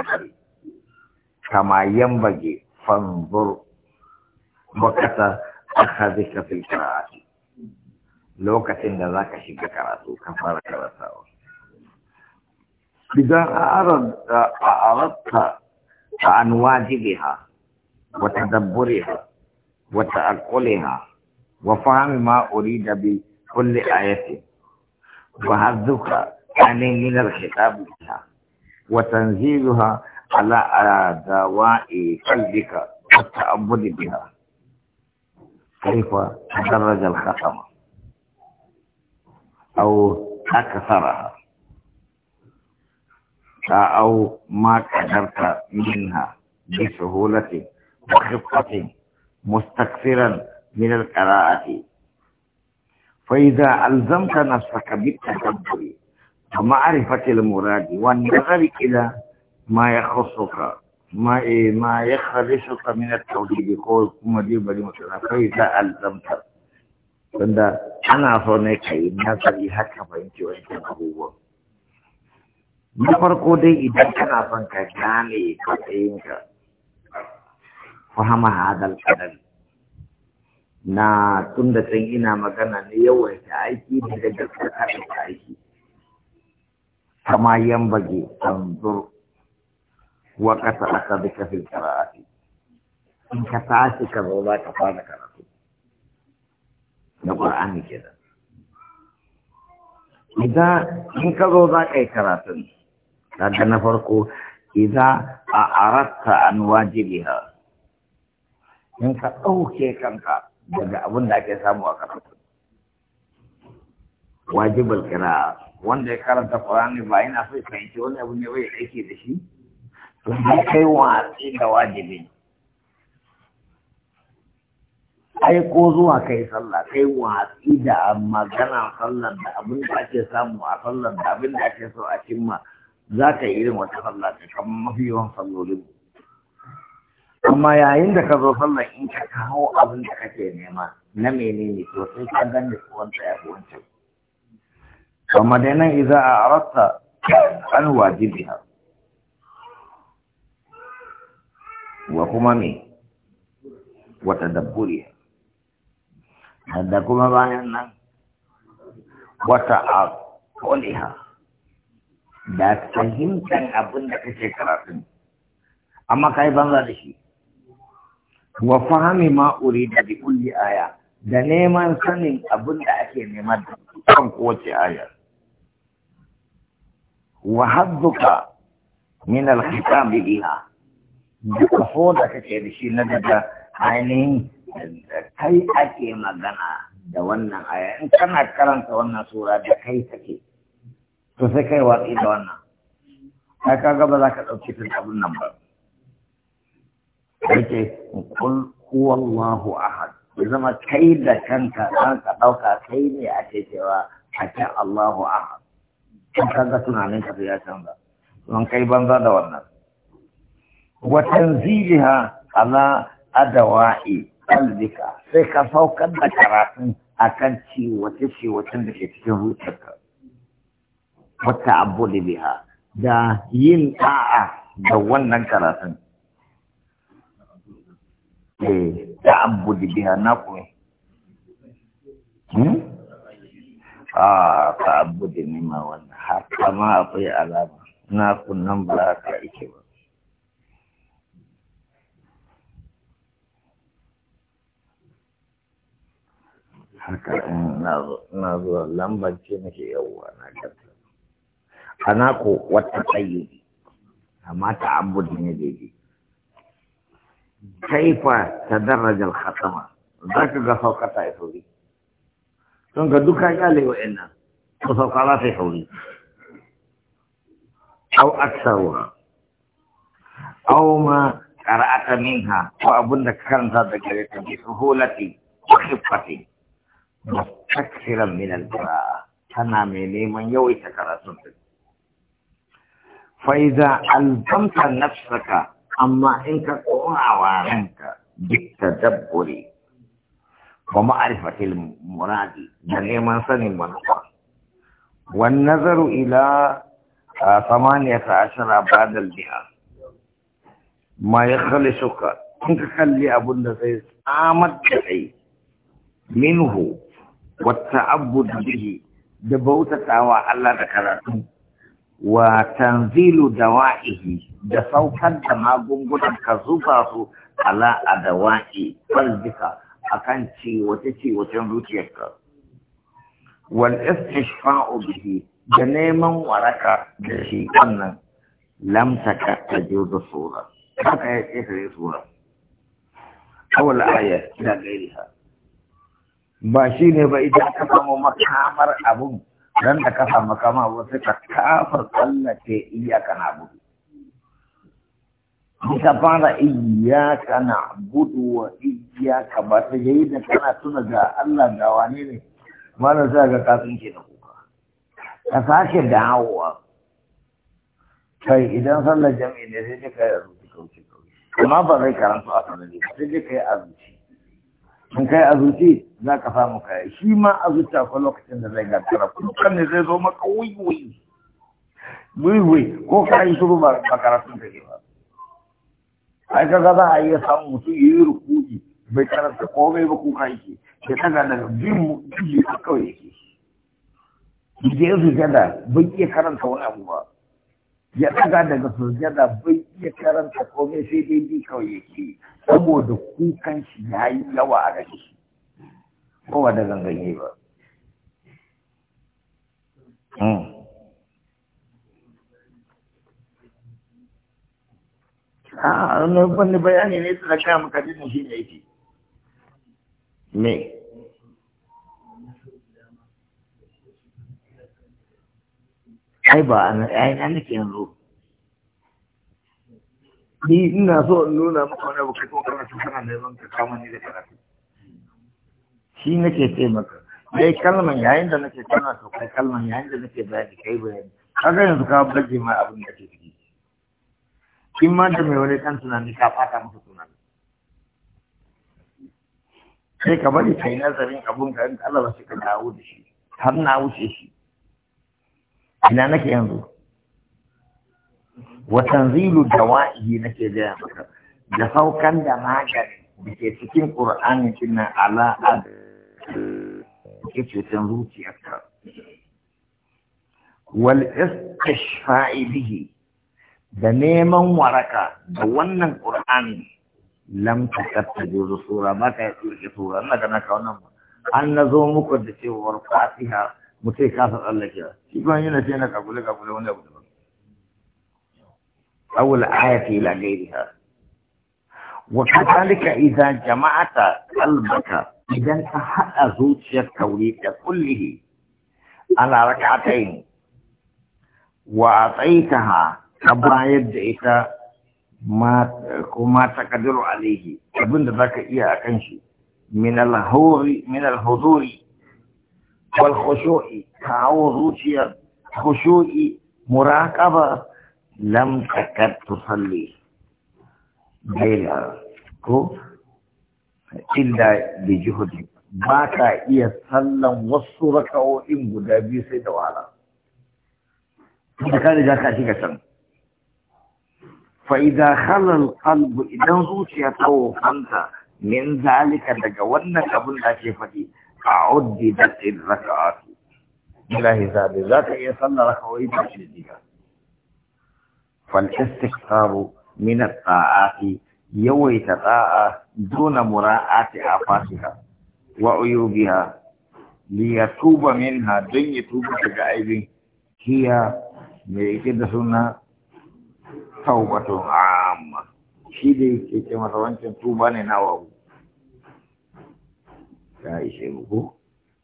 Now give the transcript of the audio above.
الأكل كما ينبغي فانظر وقت أخذك في القراءة لوكة ذاك شك قراءته كفار قراءته إذا أردت أردت عن واجبها وتدبرها وتعقلها وفهم ما أريد بكل آية وحذك يعني من الخطاب بها وتنزيلها على دواء قلبك والتأمل بها كيف تدرج الختم أو أكثرها أو ما قدرت منها بسهولة وخفة مستكثرا من القراءة فإذا ألزمت نفسك بالتكبر kama'arifati al-muradi wa nazari ila ma yakhusuka ma ma yakhrisuka min at-tawhid ko kuma dai bari mu tsara kai da al-zamta ana so ne kai nazari haka bayanci wa yake abubuwa na farko dai idan kana son ka gane matsayin ka fahama hadal kadari na tunda san ina magana ne yawan ta aiki da gaskata da aiki kama yan bage an zur waka ta aka bi kafin karaati in ka tashi ka za ka fara karatu na ƙwa'ani ke da idan in ka za ka yi karatun daga na farko idan a aratta an wajibi ha in ka ɗauke kanka daga abin da ake samu a karatu wajibul kira'a wanda ya karanta Qur'ani ba yana so ya fahimci wani abu ne bai aiki da shi to ya kai watsi da wajibi ai ko zuwa kai sallah kai watsi da magana sallar da abin da ake samu a sallar da abin da ake so a cimma za ka yi irin wata sallah ta kamar mafi yawan sallolin amma yayin da ka zo sallar in ka kawo abin da kake nema na menene to sai ka gane ko wanda ya fi wancan amma dai nan iza a arasta an wajibi ha wa kuma me wata dabburi da kuma bayan nan wata a koliha da fahimtar abin da kake karatun amma ka yi banza da shi wa fahimi ma'uri da bi kulli aya da neman sanin abin da ake nema da kan kowace ayar wa hadduka min al-khitam biha duka so da kake da shi na daga ainihin kai ake magana da wannan aya kana karanta wannan sura da kai take to sai kai watsi da wannan ai kaga ba za ka ɗauki tun nan ba yake kul huwallahu ahad ya zama kai da kanka an ka ɗauka kai ne ake cewa a ce Allahu ahad Ka ga tunanin ka ya canza don kai banza da wannan wa tanziliha ala adawa'i qalbika sai ka saukar da karatun akan ciwace ciwacen da ke cikin zuciyarka wata abu da da yin ta'a da wannan karatun Da eh, abu da biha na فأبدي مما وانا حقا ما أطيع ألاما ناكن نملا كأيكي وانا حقا نظر لنبا جنك يوانا كتلا أناكو واتقيد أما تعبدي نديدي كيف تدرج الخطمة ذاك ذا فوق تايفو تنقل دكا يالي وإنا وصوك الله في حولي أو أكثرها أو ما قرأت منها وأبنك كان صادق لك بسهولتي وخفتي مستكثرا من القراءة تنامي لي من يوي تكرا سنتك فإذا ألزمت نفسك أما إنك قرأ وعنك بالتدبري wa ma'arifatil muradi da neman sanin manufa wan nazaru ila samaniyata ashara ba'dal biha ma yakhlisuka kun ka kalli abun da zai tsamar da kai minhu wa ta'abbud bihi da bautatawa Allah da karatu wa tanzilu dawa'ihi da saukar da magungunan ka zuba su ala adawa'i falbika akan ciwace ciwacen zuciyarka wal istishfa'u bihi da neman waraka da shi wannan lam taka tajudu sura haka ya ce sai sura awal aya da gairiha ba shi ne ba idan ka samu makamar abun dan da ka samu kama wasu ka kafa tsallake iyaka na abu. Muka fara iyaka na budu wa iyaka ba ta yi da kana tuna ga Allah da wane ne na sa ga kafin ke da kuka. Ka sake dawowa. Kai idan sallar jami'i ne sai dai kai azuci kauce kauce. Amma ba zai karanta a sanar ne sai dai kai azuci. sun kai azuci za ka samu kai shi ma azuci akwai lokacin da zai gantara kukan ne zai zo maka wuiwui. Wuiwui ko ka yi shuru ba karatun ka ke ba. ai kaga za a iya samun mutum yi rukuki bai karanta komai ba kuka yake sai daga daga bin jiji a kawai yake je sujada bai iya karanta wani abu ba ya daga daga sujada bai iya karanta komai sai dai bi kawai yake saboda kukan shi ya yi yawa a gare shi kowa da ganganye ba hmm. a wani bayani ne da kaya maka dinin shi ne yake me ai ba ai na nake yanzu ni ina so in nuna maka wani abu kai kuma karatu kana neman ka kama ni da karatu shi nake taimaka maka dai kalman yayin da nake kana to kai kalman yayin da nake bayani kai bayani kaga yanzu ka baje ma abin da ke ciki in ma da mai wani kan tunani ka ɓata suna. tunani sai ka bari kai nazarin abun ka in Allah ba ka dawo da shi har na wuce shi ina nake yanzu wa tanzilu dawa'ihi nake gaya maka da saukan da magani da ke cikin ƙur'ani cinna ala ad ke cutan zuciyarka wal istishfa'i bihi da neman waraka da wannan ƙur'ani lam takatta juzu sura ba ta yi tsirki sura ina gana ka wannan ba an na zo muku da cewar fatiha mutai kasa tsallake shi ban yana ce na kabule kabule wanda abu daban awul ayati ila gairiha wa kadhalika idza jama'ata qalbaka idan ka hada zuciyar kauri da kullihi ala rak'atayn wa ataitaha ka bayar da ita kuma ta kadiru alaihi abinda za ka iya a kan shi min alhuzuri wal khushu'i kawo zuciyar khushu'i muraqaba lam takad tusalli bayar ko illa bi jihudi ba ka iya sallan wasu raka'o'in guda biyu sai da wahala da ka riga ka shiga can fa’iza halal kalbu idan zuciya ta wofanta min zalika daga wannan abin da ake faɗi a oddi da tsirin a su. Ilahi zaɓe za ka iya sallar raka wai ba shi diga. Fantastic sabo minar ta'afi yawaita ta'a dona mura a ta a fasika wa uyu biya li ya tuba min ha don ya tuba daga aibin kiya mai ike da suna taubatun amma shi da yake ce masa wancan tuba ne na wawu ya ishe muku